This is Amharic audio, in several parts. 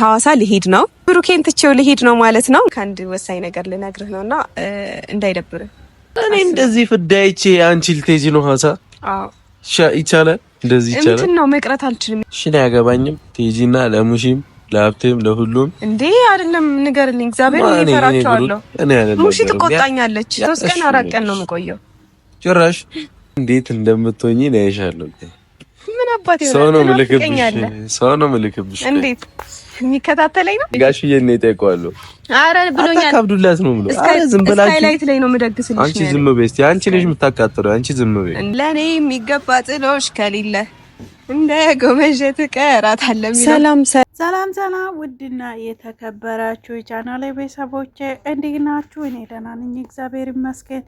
ሀዋሳ ልሄድ ነው። ብሩኬን ትቼው ልሄድ ነው ማለት ነው። ከአንድ ወሳኝ ነገር ልነግርህ ነው እና እንዳይደብር እኔ እንደዚህ ፍዳይቼ አንቺ ልትሄጂ ነው ሐዋሳ? ይቻላል፣ እንደዚህ ይቻላል። እንትን ነው መቅረት አልችልም። ሽን አያገባኝም። ትሄጂና ለሙሺም ለሀብቴም ለሁሉም እንዴ አይደለም፣ ንገርልኝ። እግዚአብሔር ይፈራቸዋለሁ። ሙሺ ትቆጣኛለች። ሶስት ቀን አራት ቀን ነው የምቆየው። ጭራሽ እንዴት እንደምትሆኝ እያይሻለሁ። ምን አባት ሰው ነው ምልክብሽ፣ ሰው ነው ምልክብሽ። እንዴት የሚከታተለኝ ነው። ጋሽዬ ነው የጠየቀዋለሁ። አረ ብሎኛል። አብዱላስ ነው ብሎ አረ ዝም ብላችሁ ስካይላይት ላይ ነው የምደግስልሽ። አንቺ ዝም በይ እስኪ። አንቺ ነሽ የምታቃጥለው። አንቺ ዝም በይ። ለእኔ የሚገባ ጥሎሽ ከሌለ እንደ ጎመጀት ቀራት አለ። ሰላም ሰላም ሰላም። ውድና የተከበራችሁ የቻናሌ ቤተሰቦቼ እንዴት ናችሁ? እኔ ደህና ነኝ፣ እግዚአብሔር ይመስገን።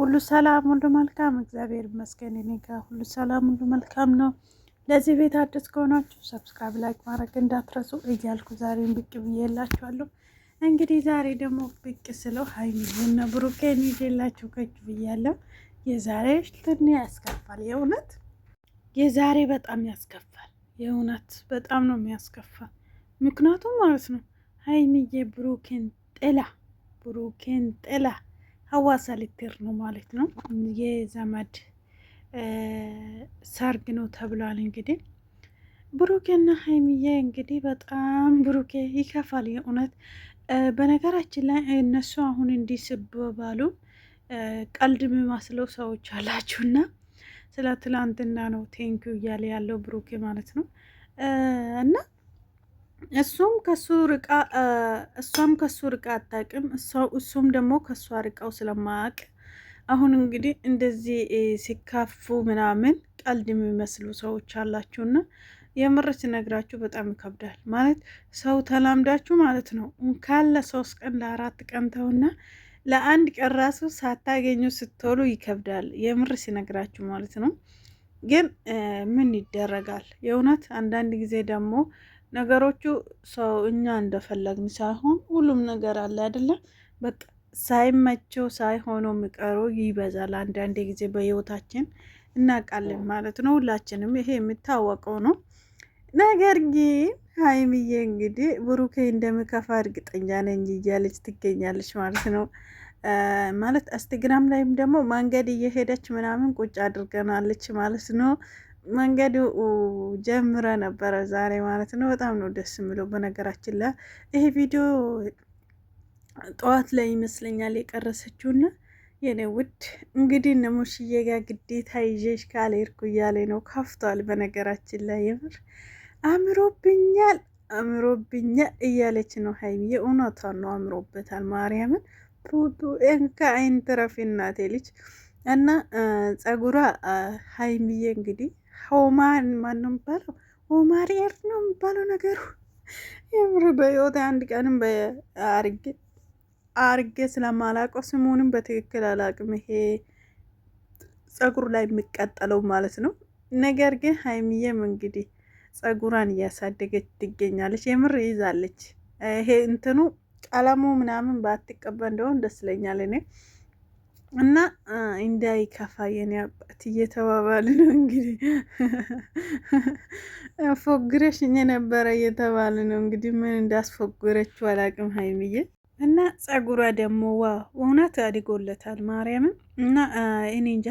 ሁሉ ሰላም፣ ሁሉ መልካም፣ እግዚአብሔር ይመስገን። እኔ ጋር ሁሉ ሰላም፣ ሁሉ መልካም ነው። ለዚህ ቤት አዲስ ከሆናችሁ ሰብስክራይብ፣ ላይክ ማድረግ እንዳትረሱ እያልኩ ዛሬን ብቅ ብዬላችኋለሁ። እንግዲህ ዛሬ ደግሞ ብቅ ስለው ሀይሚና ብሩኬን ይዤላችሁ ከች ብያለሁ። የዛሬ ትን ያስከፋል፣ የእውነት የዛሬ በጣም ያስከፋል። የእውነት በጣም ነው የሚያስከፋ። ምክንያቱም ማለት ነው ሀይሚዬ ብሩኬን ጥላ ብሩኬን ጥላ ሀዋሳ ልትሄድ ነው ማለት ነው የዘመድ ሰርግ ነው ተብሏል። እንግዲህ ብሩኬና ሀይሚዬ እንግዲህ በጣም ብሩኬ ይከፋል የእውነት። በነገራችን ላይ እነሱ አሁን እንዲስብ ሲባባሉ ቀልድ የሚመስለው ሰዎች አላችሁና ስለ ትላንትና ነው ቴንኪ እያለ ያለው ብሩኬ ማለት ነው እና እሱም ከሱ ርቃ እሷም ከሱ ርቃ አታውቅም እሱም ደግሞ ከእሷ ርቃው ስለማያውቅ አሁን እንግዲህ እንደዚህ ሲካፉ ምናምን ቀልድ የሚመስሉ ሰዎች አላችሁና የምር ሲነግራችሁ በጣም ይከብዳል። ማለት ሰው ተላምዳችሁ ማለት ነው ካለ ሶስት ቀን ለአራት ቀን ተውና ለአንድ ቀን ራሱ ሳታገኙ ስትሉ ይከብዳል። የምር ሲነግራችሁ ማለት ነው። ግን ምን ይደረጋል። የእውነት አንዳንድ ጊዜ ደግሞ ነገሮቹ ሰው እኛ እንደፈለግን ሳይሆን ሁሉም ነገር አለ አይደለም በቃ ሳይመቸው ሳይሆኖ የሚቀሩ ይበዛል። አንዳንዴ ጊዜ በህይወታችን እናቃለን ማለት ነው። ሁላችንም ይሄ የሚታወቀው ነው። ነገር ግን ሀይምዬ እንግዲህ ብሩኬ እንደምከፋ እርግጠኛ ነኝ እያለች ትገኛለች ማለት ነው። ማለት ኢንስታግራም ላይም ደግሞ መንገድ እየሄደች ምናምን ቁጭ አድርገናለች ማለት ነው። መንገድ ጀምረ ነበረ ዛሬ ማለት ነው። በጣም ነው ደስ የሚለው። በነገራችን ላይ ይሄ ቪዲዮ ጠዋት ላይ ይመስለኛል የቀረሰችውና የኔ ውድ እንግዲህ እነ ሙሽዬ ጋ ግዴታ ይዤሽ ካልሄድኩ እያለ ነው። ካፍቷል። በነገራችን ላይ የምር አምሮብኛል አምሮብኛል እያለች ነው ሀይሚ። የእውነቷ ነው አምሮበታል። ማርያምን ቱቱ እንካ አይን ትረፊ እናቴ ልጅ እና ጸጉሯ ሀይሚዬ እንግዲህ ሆማን ማን ነው የሚባለው? ሆማር ነው የሚባለው ነገሩ የምር በህይወት አንድ ቀንም በአርጌ አርጌ ስለማላውቀው ስሙንም በትክክል አላውቅም። ይሄ ጸጉር ላይ የሚቀጠለው ማለት ነው። ነገር ግን ሀይሚዬም እንግዲህ ጸጉሯን እያሳደገች ትገኛለች። የምር ይዛለች። ይሄ እንትኑ ቀለሙ ምናምን ባትቀባ እንደሆን ደስ ይለኛል እኔ እና እንዳይከፋ የኔ አባት እየተባባል ነው እንግዲህ ፎግረሽኝ ነበረ እየተባል ነው እንግዲህ ምን እንዳስፎግረችው አላቅም ሀይሚዬ እና ጸጉሯ ደግሞ ዋ እውነት አድጎለታል። ማርያምን እና እኔ እንጃ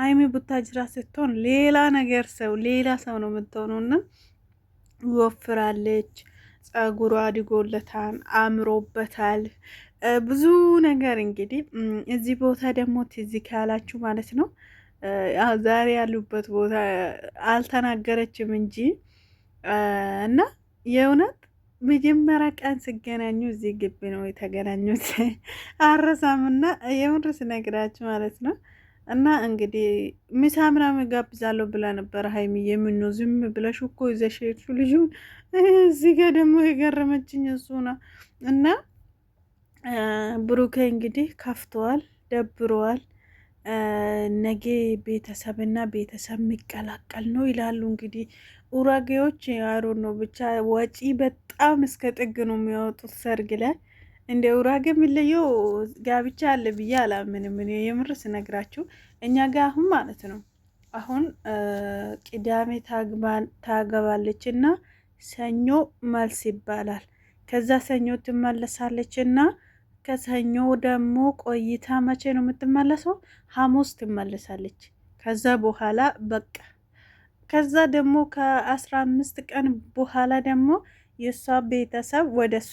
ሀይሚ ቡታጅራ ስትሆን ሌላ ነገር ሰው ሌላ ሰው ነው የምትሆነው። እና ይወፍራለች፣ ጸጉሯ አድጎለታል፣ አምሮበታል ብዙ ነገር እንግዲህ እዚህ ቦታ ደግሞ ትዝ ካላችሁ ማለት ነው ዛሬ ያሉበት ቦታ አልተናገረችም እንጂ እና የእውነት መጀመሪያ ቀን ስገናኙ እዚህ ግቢ ነው የተገናኙት። አረሳምና የምር ስነግራችሁ ማለት ነው። እና እንግዲህ ምሳ ምናምን ጋብዛለሁ ብላ ነበረ ሀይሚ የምኖ ዝም ብለሽ እኮ ይዘሽ ሄድሽ ልጁን። እዚህ ጋ ደግሞ የገረመችኝ እሱ ነው። እና ብሩኬ እንግዲህ ከፍተዋል፣ ደብረዋል። ነገ ቤተሰብና ቤተሰብ የሚቀላቀል ነው ይላሉ እንግዲህ ጉራጌዎች ያሩ ነው ብቻ ወጪ በጣም እስከ ጥግ ነው የሚያወጡት ሰርግ ላይ። እንደ ጉራጌ የሚለየው ጋብቻ አለ ብዬ አላምንም። የምር ስነግራችሁ እኛ ጋ አሁን ማለት ነው አሁን ቅዳሜ ታገባለች እና ሰኞ መልስ ይባላል። ከዛ ሰኞ ትመለሳለች እና ከሰኞ ደግሞ ቆይታ መቼ ነው የምትመለሰው? ሐሙስ ትመለሳለች። ከዛ በኋላ በቃ ከዛ ደግሞ ከአስራ አምስት ቀን በኋላ ደግሞ የእሷ ቤተሰብ ወደ እሷ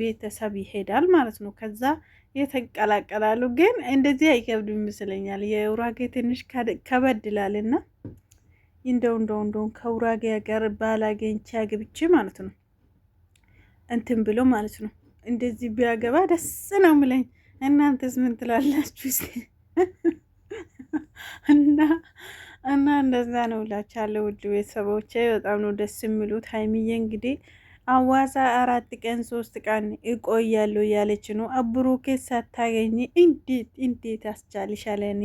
ቤተሰብ ይሄዳል ማለት ነው። ከዛ የተቀላቀላሉ። ግን እንደዚህ አይከብድ ይመስለኛል። የውራጌ ትንሽ ከበድላል እና እንደው እንደው እንደው ከውራጌ ጋር ባላገኝቼ አግብቼ ማለት ነው እንትን ብሎ ማለት ነው እንደዚህ ቢያገባ ደስ ነው ምለኝ። እናንተስ ምን ትላላችሁ? እና እና እንደዛ ነው እላችኋለሁ ውድ ቤተሰቦቼ። በጣም ነው ደስ የሚሉት። ሀይሚዬ እንግዲህ አዋሳ አራት ቀን ሶስት ቀን እቆያለሁ እያለች ነው። አብሩኬ ሳታገኝ እንዴት እንዴት አስቻልሻለ? እኔ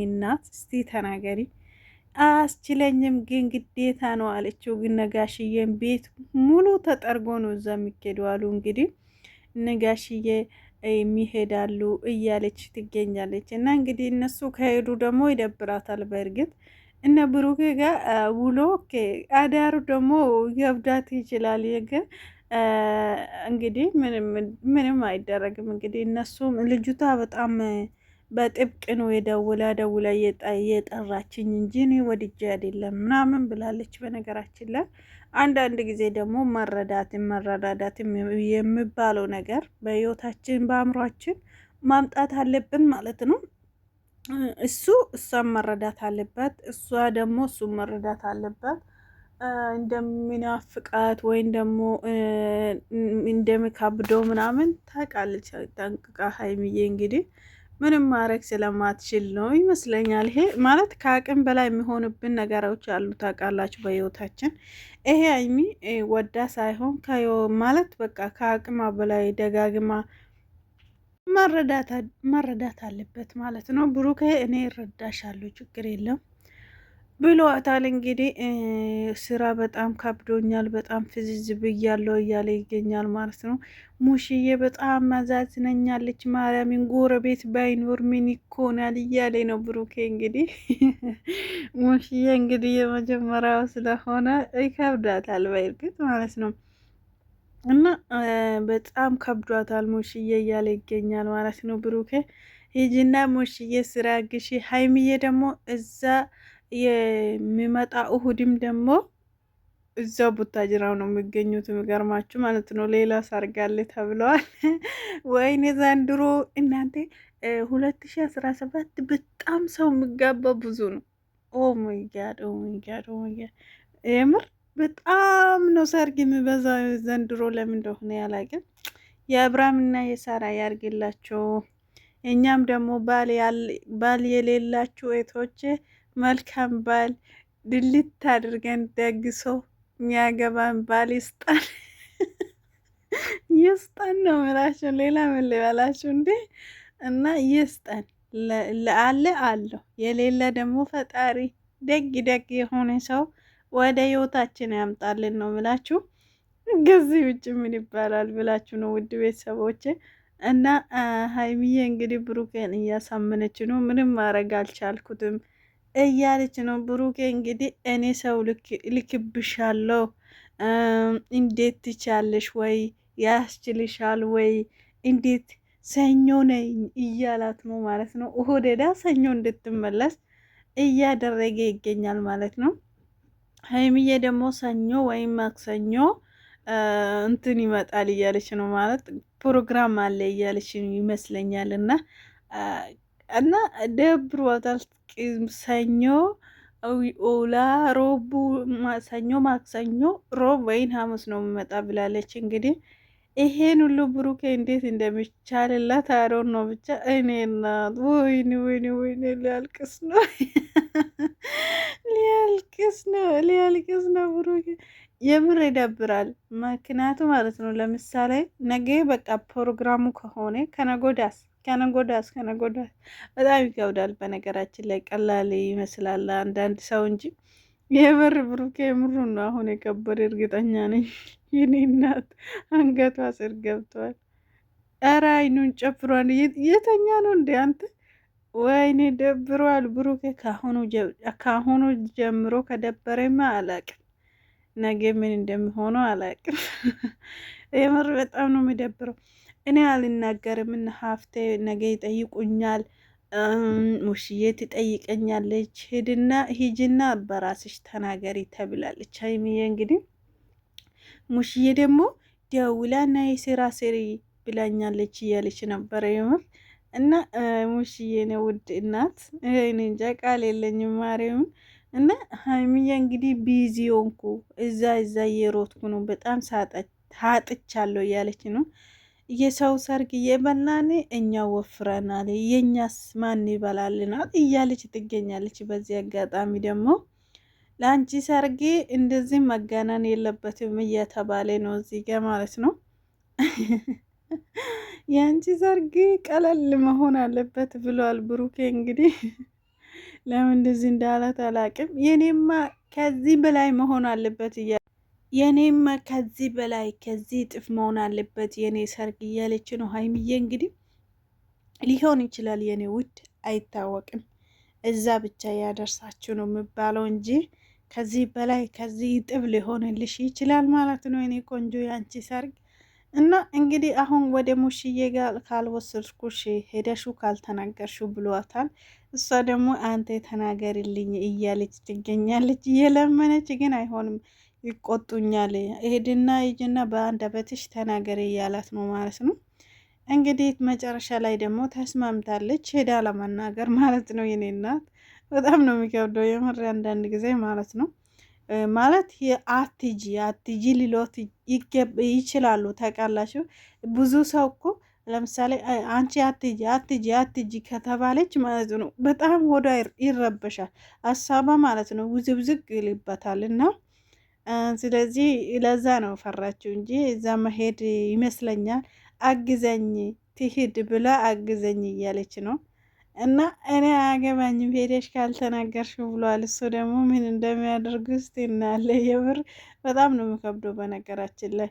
እስቲ ተናገሪ። አስችለኝም ግን ግዴታ ነው አለችው። ግን ነጋሽዬን ቤት ሙሉ ተጠርጎ ነው እዛ የሚኬዱ አሉ። እንግዲህ ነጋሽዬ የሚሄዳሉ እያለች ትገኛለች። እና እንግዲህ እነሱ ከሄዱ ደግሞ ይደብራታል በእርግጥ እነ ብሩክ ጋር ውሎ አዳሩ ደግሞ ገብዳት ይችላል ግን እንግዲህ ምንም አይደረግም። እንግዲህ እነሱም ልጅቷ በጣም በጥብቅ ነው የደውላ ደውላ የጠራችኝ እንጂ እኔ ወድጄ አይደለም ምናምን ብላለች። በነገራችን ላይ አንዳንድ ጊዜ ደግሞ መረዳትን መረዳዳት የሚባለው ነገር በህይወታችን በአእምሯችን ማምጣት አለብን ማለት ነው። እሱ እሷን መረዳት አለበት፣ እሷ ደግሞ እሱን መረዳት አለበት። እንደሚናፍቃት ወይም ደግሞ እንደሚካብደው ምናምን ታውቃለች ጠንቅቃ ሀይሚዬ እንግዲህ ምንም ማድረግ ስለማትችል ነው ይመስለኛል። ይሄ ማለት ከአቅም በላይ የሚሆንብን ነገሮች አሉ ታውቃላችሁ፣ በህይወታችን ይሄ ሀይሚ ወዳ ሳይሆን ማለት በቃ ከአቅማ በላይ ደጋግማ መረዳት አለበት ማለት ነው። ብሩኬ እኔ እረዳሻለሁ ችግር የለም ብሏታል። እንግዲህ ስራ በጣም ከብዶኛል፣ በጣም ፍዝዝ ብያለሁ እያለ ይገኛል ማለት ነው። ሙሽዬ በጣም መዛዝነኛለች ማርያምን ጎረቤት ባይኖር ምን ይኮናል እያለ ነው ብሩኬ። እንግዲህ ሙሽዬ እንግዲህ የመጀመሪያው ስለሆነ ይከብዳታል በእርግጥ ማለት ነው። እና በጣም ከብዷታል ሙሽዬ እያለ ይገኛል ማለት ነው። ብሩኬ ሂጂና ሙሽዬ ስራ ግሺ፣ ሀይሚዬ ደግሞ እዛ የሚመጣ እሁድም ደግሞ እዛ ቡታጅራው ነው የሚገኙት። የሚገርማችሁ ማለት ነው ሌላ ሳርጋለ ተብለዋል። ወይኔ ዘንድሮ እናንተ ሁለት ሺ አስራ ሰባት በጣም ሰው የሚጋባ ብዙ ነው። ኦ ማይ ጋድ ኦ ማይ ጋድ ኦ ማይ ጋድ የምር በጣም ነው ሰርግ የሚበዛ ዘንድሮ። ለምን እንደሆነ ያላቅም። የአብርሃምና የሳራ ያርግላቸው። እኛም ደግሞ ባል የሌላችሁ እህቶች መልካም ባል ድልት አድርገን ደግሶ የሚያገባን ባል ይስጣን ይስጠን ነው ምላቸው። ሌላ ምን ልበላችሁ እንዴ? እና ይስጠን ለአለ አለው የሌለ ደግሞ ፈጣሪ ደግ ደግ የሆነ ሰው ወደ ህይወታችን ያምጣልን ነው ምላችሁ። ከዚህ ውጭ ምን ይባላል ብላችሁ ነው ውድ ቤተሰቦች። እና ሀይሚዬ እንግዲህ ብሩኬን እያሳመነች ነው። ምንም ማድረግ አልቻልኩትም እያለች ነው። ብሩኬ እንግዲህ እኔ ሰው ልክብሻለሁ፣ እንዴት ትቻለሽ ወይ ያስችልሻል ወይ እንዴት ሰኞ ነኝ እያላት ነው ማለት ነው። እሁድ ሄዳ ሰኞ እንድትመለስ እያደረገ ይገኛል ማለት ነው። ሀይሚዬ ደግሞ ሰኞ ወይም ማክሰኞ እንትን ይመጣል እያለች ነው ማለት ፕሮግራም አለ እያለች ይመስለኛል። እና እና ደብር ወታል ሰኞ ኦላ ሮቡ ሰኞ ማክሰኞ ሮብ ወይን ሐሙስ ነው የሚመጣ ብላለች። እንግዲህ ይሄን ሁሉ ብሩኬ እንዴት እንደሚቻልላት አሮን ነው ብቻ። እኔና እናት ወይኔ ወይኔ ወይኔ ሊያልቅስ ነው ሊያልቅስ ነው ሊያልቅስ ነው ብሩኬ የምር ይደብራል። ምክንያቱ ማለት ነው ለምሳሌ ነገ በቃ ፕሮግራሙ ከሆነ ከነጎዳስ ከነጎዳስ ከነጎዳስ በጣም ይከብዳል። በነገራችን ላይ ቀላል ይመስላል አንዳንድ ሰው እንጂ የምር ብሩክ የምሩ ነው አሁን የከበደ እርግጠኛ ነኝ። የኔ እናት አንገቷ ስር ገብቷል። ኧረ አይኑን ጨፍሯል። የተኛ ነው እንዴ አንተ ወይኔ ደብሯል ብሩኬ። ካሁኑ ጀምሮ ከደበረማ አላቅም፣ ነገ ምን እንደሚሆነው አላቅም። የምር በጣም ነው የሚደብረው። እኔ አልናገርም እና ሀፍቴ ነገ ይጠይቁኛል፣ ሙሽዬ ትጠይቀኛለች። ሂድና ሂጅና በራስሽ ተናገሪ ተብላለች ሀይሚዬ። እንግዲህ ሙሽዬ ደግሞ ደውላ ና የስራ ስሪ ብላኛለች እያለች ነበረ የምር እና ሙሽዬ ነው ውድ እናት እኔ እንጃ ቃል የለኝም። ማርያም እና ሀይሚያ እንግዲህ ቢዚ ሆንኩ እዛ እዛ እየሮጥኩ ነው በጣም ሳጥቻለሁ እያለች ነው። የሰው ሰርግ እየበላን እኛ ወፍረናል፣ የእኛስ ማን ይበላልናል እያለች ትገኛለች። በዚህ አጋጣሚ ደግሞ ለአንቺ ሰርግ እንደዚህ መጋናን የለበትም እየተባለ ነው እዚህ ጋ ማለት ነው። የአንቺ ሰርግ ቀለል መሆን አለበት ብሏል ብሩኬ። እንግዲህ ለምን እንደዚህ እንዳላት አላቅም። የኔማ ከዚህ በላይ መሆን አለበት እያ የኔማ ከዚህ በላይ ከዚህ እጥፍ መሆን አለበት የኔ ሰርግ እያለች ነው ሀይሚዬ። እንግዲህ ሊሆን ይችላል የኔ ውድ አይታወቅም። እዛ ብቻ ያደርሳችሁ ነው የሚባለው እንጂ ከዚህ በላይ ከዚህ እጥፍ ሊሆንልሽ ይችላል ማለት ነው የኔ ቆንጆ የአንቺ ሰርግ እና እንግዲህ አሁን ወደ ሙሽዬ ጋር ካልወሰድኩሽ ሄደሹ ካልተናገርሹ ብሏታል። እሷ ደግሞ አንተ ተናገርልኝ እያለች ትገኛለች። እየለመነች ግን አይሆንም፣ ይቆጡኛል፣ ሄድና በአንድ በትሽ ተናገር እያላት ነው ማለት ነው። እንግዲህ መጨረሻ ላይ ደግሞ ተስማምታለች፣ ሄዳ ለመናገር ማለት ነው። የኔ እናት በጣም ነው የሚከብደው የምር አንዳንድ ጊዜ ማለት ነው። ማለት አትጂ አትጂ ሊሎት ይችላሉ። ታውቃላችሁ ብዙ ሰው እኮ ለምሳሌ አንቺ አትጂ አትጂ አትጂ ከተባለች ማለት ነው በጣም ወዳ ይረበሻል፣ ሀሳባ ማለት ነው ውዝብዝግ ይልበታል። እና ስለዚህ ለዛ ነው ፈራችው እንጂ እዛ መሄድ ይመስለኛል። አግዘኝ ትሂድ ብላ አግዘኝ እያለች ነው እና እኔ አያገባኝም ሄደሽ ካልተናገርሽው ብሏል። እሱ ደግሞ ምን እንደሚያደርግ ውስጥ እናያለ። የብር በጣም ነው የምከብደው በነገራችን ላይ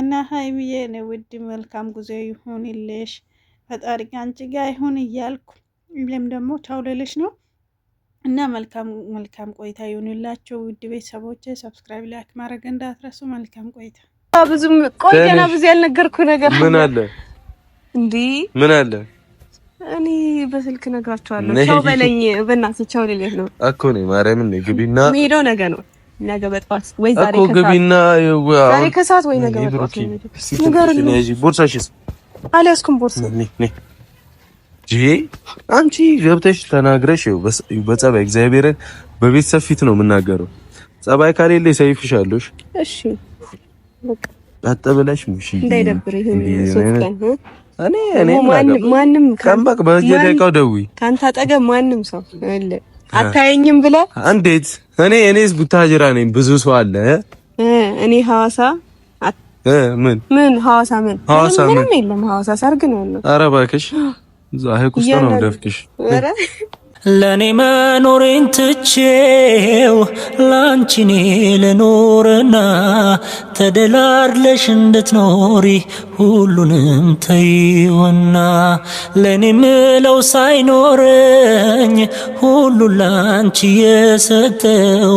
እና ሀይሚዬ እኔ ውድ መልካም ጉዞ ይሁንልሽ፣ ፈጣሪ አንቺ ጋ ይሁን እያልኩ ይም ደግሞ ቻው ልልሽ ነው እና መልካም መልካም ቆይታ ይሁንላቸው ውድ ቤተሰቦች። ሰብስክራይብ ላይክ ማድረግ እንዳትረሱ። መልካም ቆይታ። ብዙም ቆየና ብዙ ያልነገርኩ ነገር ምን አለ እንዲህ ምን አለ እኔ በስልክ ነግራቸዋለሁ። ቻው በለኝ በእናትህ ቻው ልልህ ነው እኮ ማርያምን ግቢና ነገ ነው ነገ በጠዋት ወይ ዛሬ ከሰዓት ወይ ነገ አንቺ ገብተሽ ተናግረሽ በጸባይ እግዚአብሔርን በቤተሰብ ፊት ነው የምናገረው። ጸባይ ሰይፍሻለሽ። እሺ በቃ አጠብለሽ ሙሽ እንዳይደብር ይሄን ቀን እኔ እኔ ማንም ከምባክ በየደቂቃው ደውይ። ካንተ አጠገብ ማንም ሰው አታየኝም ብለህ እንዴት? እኔ እኔስ ቡታጅራ ነኝ፣ ብዙ ሰው አለ። እኔ ሐዋሳ ምን ምን ሐዋሳ ምን ሐዋሳ ምን የለም ሐዋሳ ሰርግ ነው ያለው። ኧረ እባክሽ እዛ ሀይቅ ውስጥ ነው ደፍቅሽ ለኔ መኖሬን ትቼው ላንቺኔ ልኖርና ተደላድለሽ እንድትኖሪ ሁሉንም ተይወና ለኔ ምለው ሳይኖረኝ ሁሉ ላንቺ የሰጠው